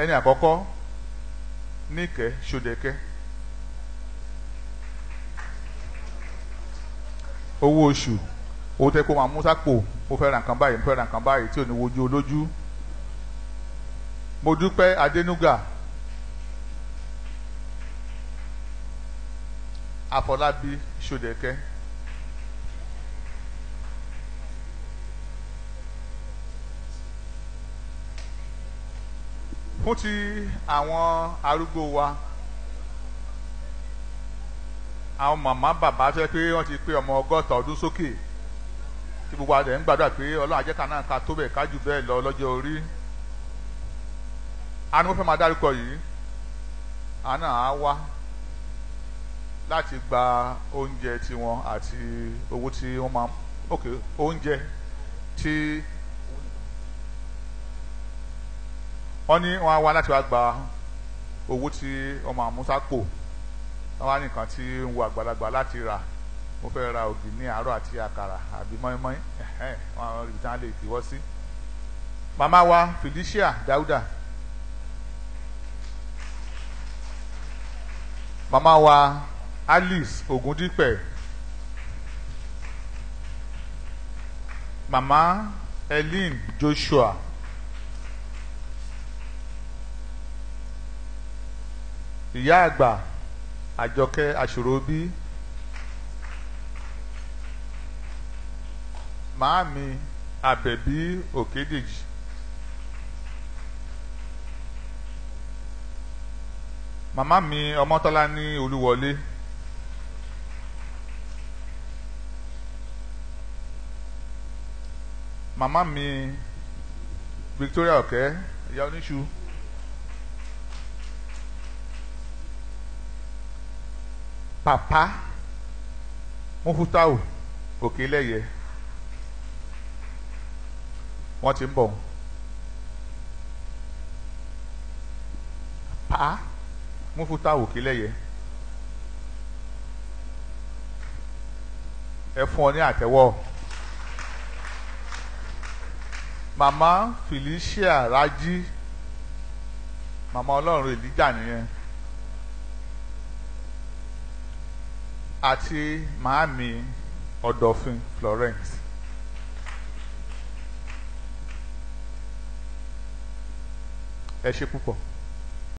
ẹni àkọ́kọ́ níkẹ́ ṣòdẹ̀kẹ́ owó oṣù owó tẹ́ kó máa mú sápò mo fẹ́ ra nǹkan báyìí mo fẹ́ ra báyìí tí ò ní wojú olójú mo dúpẹ́ adénúgà àfọlábí ṣòdẹ̀kẹ́. fún ti àwọn arúgbó wa àwọn màmá bàbá fẹ́ pé wọ́n ti pé ọmọ ọgọ́ta ọdún sókè tí gbogbo àdẹ̀ ń gbàdúrà pé ọlọ́run àjẹká náà ká tó bẹ̀ ká jù bẹ́ẹ̀ lọ lọ́jọ́ orí a ní fẹ́ máa dárúkọ yìí a náà á wá láti gba oúnjẹ tiwọn àti owó tí wọ́n máa ok oúnjẹ tí. wọ́n ní wọ́n á wá láti wá gba owó tí ọmọ àmúsá pò wọ́n wá nìkan tí ń wo àgbàlagbà láti rà mo fẹ́ ra ògì ní àárọ̀ àti àkàrà àbí mọ́ínmọ́ín ẹ̀hẹ́n wọn ibi tí wọ́n lè fi sí. màmá wa Felicia Dauda màmá wa Alice Ogundipẹ̀ màmá Ellen Joshua. ìyá àgbà àjọkẹ́ àṣòròbí màámi àbẹ̀bí òkédèjì màmá mi ọmọtọ́lá ní olúwọlé màmá mi Victoria ọ̀kẹ́ ìyá oníṣu. papa mufutau òkèlẹyẹ wọ́n ti ń bọ̀ pa mufutau òkèlẹyẹ ẹ fún ọ ní àtẹ́wọ́ màmá Felicia Raji màmá Ọlọ́run Èlíjà nìyẹn. àti màámi ọ̀dọ̀fin Florence. ẹ ṣe púpọ̀.